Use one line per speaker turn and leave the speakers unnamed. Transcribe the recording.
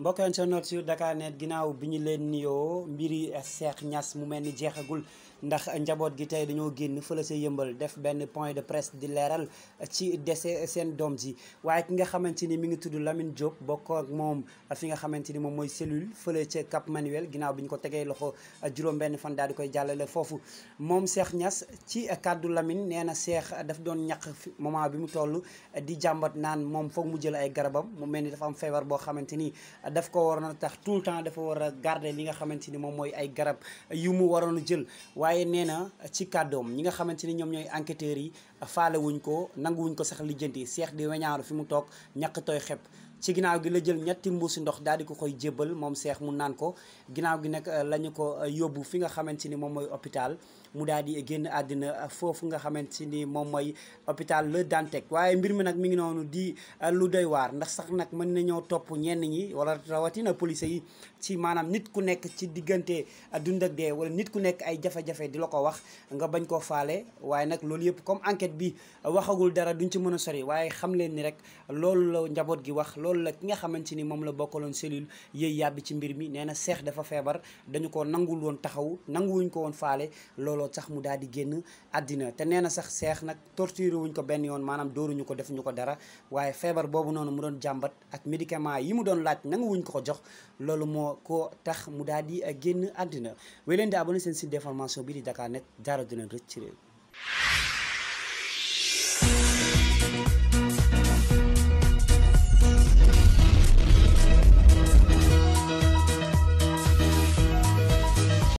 mbokk internet sur Dakarnet ginnaaw bi ñu leen nuyoo mbiri Cheikh ñas mu mel ni jeexagul ndax njaboot gi tey dañoo génn fële sa yëmbal def benn point de presse di leeral ci dese seen doom ji waaye ki nga xamante ni mi ngi tudd lamin Diop bokk ak moom fi nga xamante ni moom mooy cellule fële ca Cap Manuel ginnaaw bi ñu ko tegee loxo juróom-benn fan daal di koy jàllale foofu moom Cheikh ñas ci kàddu lamin nee na Cheikh daf doon ñàq moment bi mu toll di jàmbat naan moom foog mu jël ay garabam mu mel ni dafa am feebar boo xamante ni daf ko waroon a tax tout le temps dafa war a garder li nga xamante ni moom mooy ay garab yu mu waroon a jël waaye nee na ci kàddoom ñi nga xamante ni ñoom ñooy enquêteurs yi faalewuñ ko nanguwuñ ko sax lijjanti seex di weñaaru fi mu toog ñàkk tooy xepp ci ginnaaw gi la jël ñetti mbuusi ndox daal di ko koy jébbal moom seex mu naan ko ginnaaw gi nag euh, la ñu ko euh, yóbbu fi nga xamante ni moom mooy hôpital mu daal di génn àddina euh, foofu nga xamante ni moom mooy hôpital Le Dantec waaye mbir mi nag mi ngi noonu di lu doy waar ndax sax nag mën nañoo topp ñenn ñi wala rawatina police yi ci maanaam nit ku nekk ci diggante dund ak dee wala nit ku nekk ay jafe-jafe di la ko wax nga bañ koo faale waaye nag loolu yëpp comme enquête bi waxagul dara duñ ci mën a sori waaye xam leen ni rek loolu la ki nga xamante ni moom la bokk bokkaloon cellule yëy yàbbi ci mbir mi nee na seex dafa feebar dañu ko nangul woon taxaw nanguwuñ ko woon faale looloo tax mu daal di génn àddina te nee na sax seex nag torturé wuñ ko benn yoon maanaam dóoruñu ko defuñu ko dara waaye feebar boobu noonu mu doon jàmbat ak médicament yi mu doon laaj nanguwuñ ko ko jox loolu moo ko tax mu daal di génn àddina weleen leen di abonné seen site d'information bi di Dakar Net dara du ci réew